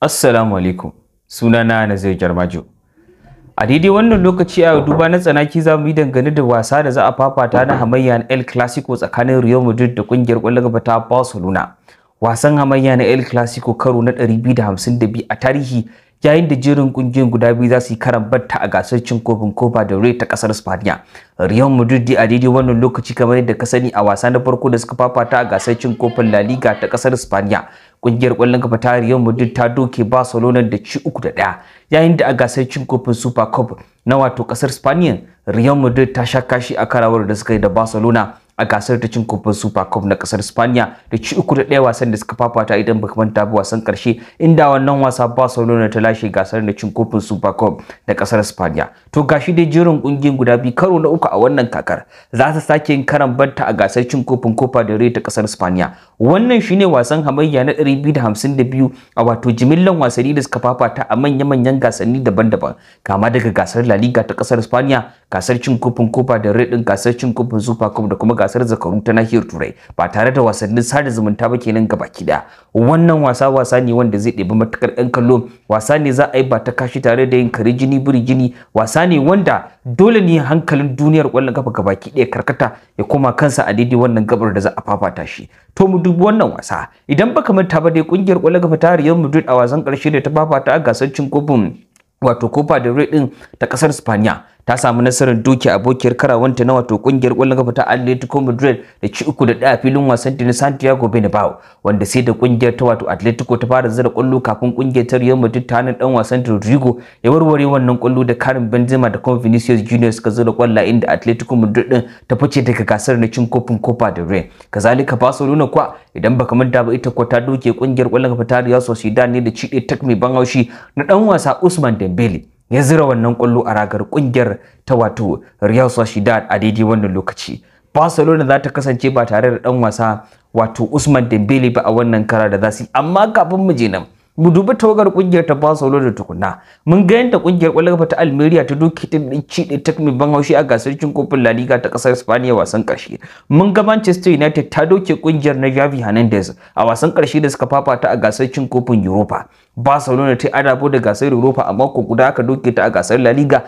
Assalamu alaikum. Sunana Nazir Jarmajo. A daidai wannan lokaci a duba na tsanaki za mu yi dangane da wasa da za a fafata na hamayya na El Clasico tsakanin Real Madrid da kungiyar ƙwallon gaba ta Barcelona. wasan hamayya na El Clasico karo na 252 a tarihi yayin da jerin kungiyoyin guda biyu za su yi karan batta a gasar cin kofin Copa del Rey ta kasar Spain. Real Madrid da Adidi wannan lokaci kamar yadda ka sani a wasa na farko da suka fafata a gasar cin kofin La Liga ta kasar Spain. Kungiyar kwallon kafa ta Real Madrid ta doke Barcelona da ci uku da ɗaya yayin da a gasar cin kofin Super Cup na wato kasar Spain Real Madrid ta sha kashi a karawar da suka yi da Barcelona a gasar ta cin kofin Super Cup na kasar Spaniya da ci uku da ɗaya wasan da suka fafata idan ba manta ba wasan karshe inda wannan wasa ba Barcelona ta lashe gasar na cin kofin Super Cup na kasar Spaniya. To gashi dai jerin ƙungiyar guda biyu karo na uku a wannan kakar za su sake yin karan banta a gasar cin kofin Copa del Rey ta kasar Spaniya. Wannan shine wasan hamayya na 252 a wato jimillan wasanni da suka fafata a manya-manyan gasanni daban-daban kama daga gasar La Liga ta kasar Spaniya, gasar cin kofin Copa del Rey din gasar cin kofin Super Cup da kuma gasar zakarun ta nahiyar turai ba tare da wasannin sada zumunta ba kenan gaba kida wannan wasa wasa ne wanda zai ɗebi matukar ɗan kallo wasa ne za a yi ba ta kashi tare da yin kare jini buri jini wasa ne wanda dole ne hankalin duniyar ƙwallon kafa gaba ɗaya karkata ya koma kansa a daidai wannan gabar da za a fafata shi to mu dubi wannan wasa idan baka manta ba dai kungiyar ƙwallon kafa ta Real Madrid a wasan karshe da ta fafata a gasar cin kofin wato Copa del Rey din ta kasar Spaniya ta samu nasarar doki abokiyar karawanta na wato kungiyar kwallon kafa ta Atletico Madrid da ci uku da ɗaya filin wasan ta Santiago Bernabeu wanda sai da kungiyar ta wato Atletico ta fara zira kwallo kafin kungiyar ta Real Madrid ta hannun dan wasan Rodrigo ya warware wannan kwallo da Karim Benzema da kuma Vinicius Junior suka zira kwalla inda Atletico Madrid din ta fice daga gasar na cin kofin Copa del Rey kazalika Barcelona kwa idan baka manta ba ita kwa ta doke kungiyar kwallon kafa ta Real Sociedad ne da ci ɗaya tak mai ban haushi na dan wasa Usman Dembele ya zira wannan kwallo a ragar kungiyar ta wato Real Sociedad a daidai wannan lokaci. Barcelona za ta kasance ba tare da ɗan wasa wato Usman Dembele ba a wannan kara da za Amma kafin mu je nan, mu dubi tawagar kungiyar ta saulo da tukunna mun ga yadda kungiyar kwallon ta Almeria ta din din ci da ta ban haushi a gasar cin kofin La Liga ta kasar spaniya wasan karshe mun ga Manchester United ta doke kungiyar na Javi Hernandez a wasan karshe da suka fafata a gasar cin kofin Europa Barcelona ta adabo da gasar Europa a mako guda aka doke ta a gasar La Liga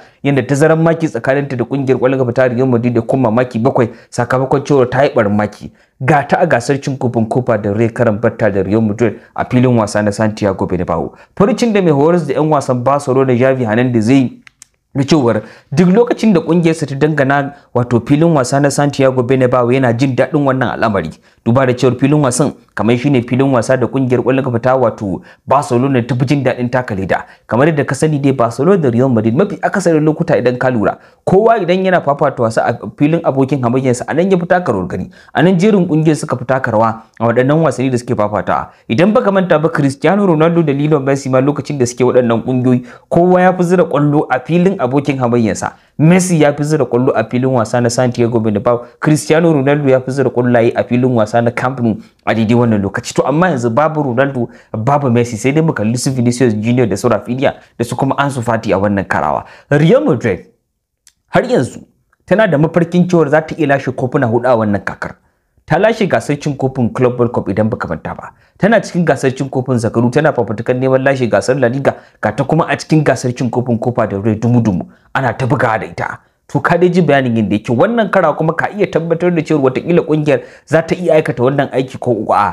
ta zaran maki tsakaninta da kungiyar kwallon ta Real Madrid da kuma maki bakwai sakamakon cewa ta yi barin maki ga ta a gasar cin kofin kofa da rai karan batta da Real Madrid a filin wasa na Santiago Bernabeu. Furucin da mai horas da 'yan wasan Barcelona Javi Hernandez zai da cewar duk lokacin da kungiyarsa ta dangana wato filin wasa na Santiago Bernabeu yana jin daɗin wannan al'amari duba da cewar filin wasan kamar shine filin wasa da kungiyar ƙwallon kafa ta wato Barcelona ta fi jin daɗin taka leda kamar yadda ka sani dai Barcelona da Real Madrid mafi akasarin lokuta idan ka lura kowa idan yana fafata wasa a filin abokin hamayyarsa sa anan ya fi taka gari gani a nan jerin kungiyar suka fi taka rawa a waɗannan wasanni da suke fafata idan baka manta ba Cristiano Ronaldo da Lionel Messi ma lokacin da suke waɗannan kungiyoyi kowa ya fi zira kwallo a filin Abokin abokin hamayyarsa Messi ya fi zira kwallo a filin wasa na Santiago Bernabeu Cristiano Ronaldo ya fi zira kwallaye a filin wasa na Camp Nou a daidai wannan lokaci to amma yanzu babu Ronaldo babu Messi sai dai mu kalli Vinicius Junior da su Rafinha da su kuma Ansu Fati a wannan karawa Real Madrid har yanzu tana da mafarkin cewar za ta iya lashe kofuna hudu a wannan kakar ta lashe gasar cin kofin club world cup idan baka manta ba tana cikin gasar cin kofin zakaru tana fafutukan neman lashe gasar la liga ga ta kuma a cikin gasar cin kofin kofa da Rey dumu-dumu ana ta bugawa da ita to ka dai ji bayanin yadda yake wannan kara kuma ka iya tabbatar da cewa watakila kungiyar za ta iya aikata wannan aiki ko a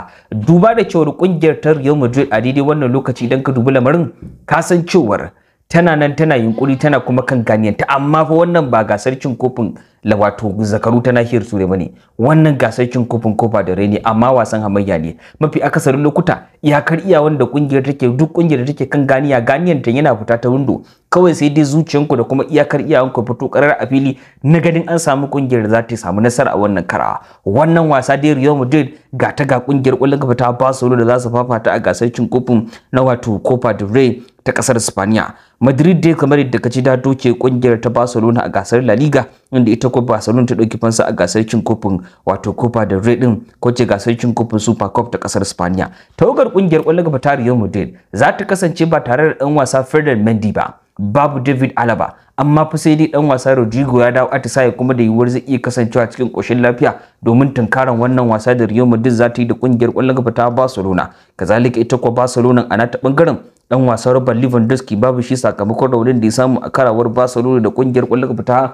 duba da cewar kungiyar ta Real Madrid a daidai wannan lokaci idan ka dubi lamarin ka san cewar tana nan tana yunkuri tana kuma kan ganiyanta amma fa wannan ba gasar cin kofin la wato zakaru ta nahiyar turai bane wannan gasar cin kofin kofa da raini amma wasan hamayya ne mafi akasarin lokuta iyakar iya wanda kungiyar take duk kungiyar da take kan ganiya ganiyan ta yana fita ta windo kawai sai dai zuciyanku da kuma iyakar iyawanku fito karar a fili na ganin an samu kungiyar da za ta samu nasara a wannan kara wannan wasa dai Real Madrid ga ta ga kungiyar kwallon fita ta Barcelona da za su fafata a gasar cin kofin na wato Copa del Rey ta kasar Spaniya Madrid dai kamar yadda kace da doke kungiyar ta Barcelona a gasar La Liga inda ita akwai Barcelona ta dauki fansa a gasar cin kofin wato Copa del Rey din ko ce gasar cin kofin Super Cup ta kasar Spaniya tawagar kungiyar kwallon kafa ta Real Madrid za ta kasance ba tare da dan wasa Ferdinand Mendy ba babu David Alaba amma fa sai dai dan wasa Rodrigo ya dawo atisaye kuma da yiwuwar zai iya kasancewa cikin koshin lafiya domin tunkaran wannan wasa da Real Madrid za ta yi da kungiyar kwallon kafa ta Barcelona kazalika ita kwa Barcelona a ta bangaren dan wasa Robert Lewandowski babu shi sakamakon raunin da ya samu a karawar Barcelona da kungiyar kwallon kafa ta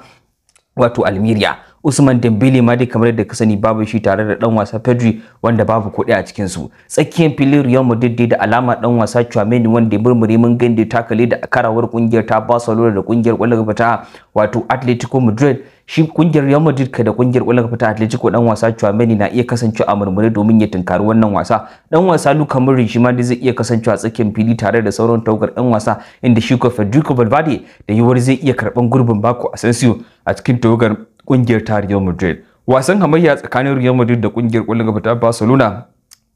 wato Almeria, usman dembele ma dai kamar yadda ka sani babu shi tare da dan wasa pedri wanda babu kuɗi a cikin su tsakiyar filin real madrid da alama dan wasa chouameni wanda ya murmure mun gande takale da karawar kungiyar ta barcelona da kungiyar kwallon ta wato atletico madrid shi kungiyar Real Madrid ka da kungiyar Ulanga fita Atletico dan wasa Chuameni na iya kasancewa a murmure domin ya tunkari wannan wasa dan wasa Luka Modric shi ma da zai iya kasancewa tsakiyar fili tare da sauran taugar dan wasa inda shi ko Federico Valverde da yiwuwar zai iya karban gurbin Bako Asensio a cikin taugar kungiyar ta Real Madrid wasan hamayya tsakanin Real Madrid da kungiyar Ulanga fita Barcelona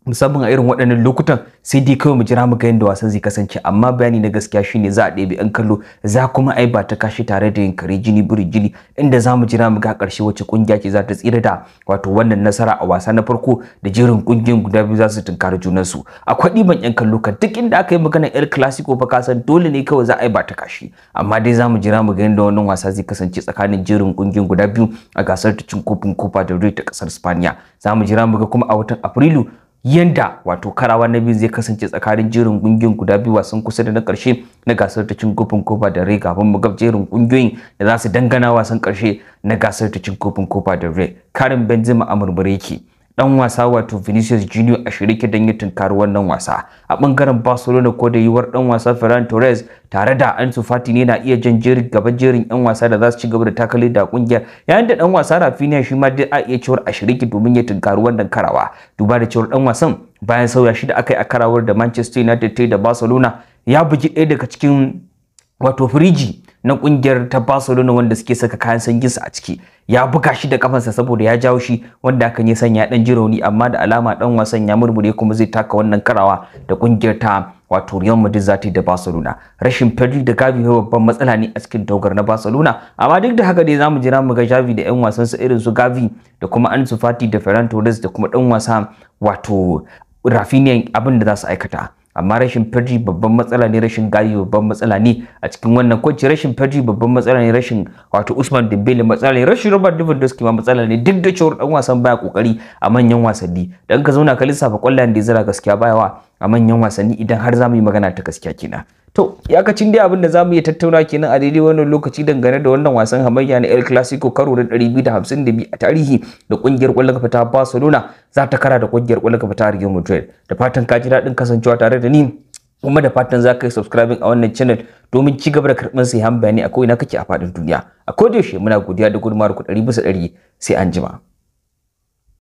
musamman a irin waɗannan lokutan sai dai kawai mu jira mu ga yadda wasan zai kasance amma bayani na gaskiya shine za a ɗebi ɗan kallo za kuma ai ba ta kashi tare da yankari jini buri jini inda za mu jira mu ga ƙarshe wacce ƙungiya ce za ta tsira da wato wannan nasara a wasa na farko da jerin ƙungiyoyin guda biyu za su tunkari junansu akwai ɗiban yan kallo kan duk inda aka yi magana ƴar clasico fa ka san dole ne kawai za a yi ba ta kashi amma dai za mu jira mu ga yadda wannan wasa zai kasance tsakanin jerin ƙungiyoyin guda biyu a gasar ta cin kofin kofa da ta ƙasar spaniya za mu jira mu ga kuma a watan afrilu yanda wato karawa na biyu zai kasance tsakanin jerin kungiyoyin guda biyu wasan kusa da na karshe na gasar ta cin kofin kofa da rai gaban mu jerin kungiyoyin da za su dangana wasan karshe na gasar ta cin kofin kofa da rai karin benzema a murmure yake dan wasa wato Vinicius Junior a shirike don ya tunkar wannan wasa. A bangaren Barcelona ko da yiwuwar dan wasa Ferran Torres tare da Ansu Fati ne na iya jan jerin gaba jerin yan wasa da za su ci gaba da takali da kungiyar yayin da dan wasa Rafinha shi ma dai a iya cewar a shirike domin ya tunkar wannan karawa. Duba da cewar dan wasan bayan sauya shi da aka yi a karawar da Manchester United ta da Barcelona ya bugi ɗaya daga cikin wato firiji na kungiyar ta Barcelona wanda suke saka kayan sanyin su a ciki ya buga shi da kafansa saboda ya jawo shi wanda hakan ya sanya dan jirauni amma da alama dan wasan ya murmure kuma zai taka wannan karawa da kungiyar ta wato Real Madrid za yi da Barcelona rashin Pedri da Gavi babban matsala ne a cikin dogar na Barcelona amma duk da haka dai zamu jira mu ga Xavi da ƴan wasan sa irin su Gavi da kuma Ansu Fati da Ferran Torres da kuma dan wasa wato Rafinha abin da za su aikata amma rashin firji babban matsala ne rashin gadi babban matsala ne a cikin wannan kwanci rashin firji babban matsala ne rashin wato Usman Dembele matsala ne rashin Robert Lewandowski ma matsala ne duk da cewa dan wasan baya kokari a manyan wasanni dan ka zauna ka lissafa kwallayen da zira gaskiya baya wa a manyan wasanni idan har za mu yi magana ta gaskiya kenan to yakacin dai abin da za mu iya tattauna kenan a daidai wannan lokaci dangane da wannan wasan hamayya na El Clasico karo na 252 a tarihi da kungiyar kwallon kafa ta Barcelona za ta kara da kungiyar kwallon kafa ta Real Madrid da fatan ka ji daɗin kasancewa tare da ni kuma da fatan za ka yi subscribing a wannan channel domin ci gaba da karɓar sai han bayani a ko'ina kake a faɗin duniya a kodayaushe muna godiya da gudunmawar ku ɗari bisa ɗari sai an jima.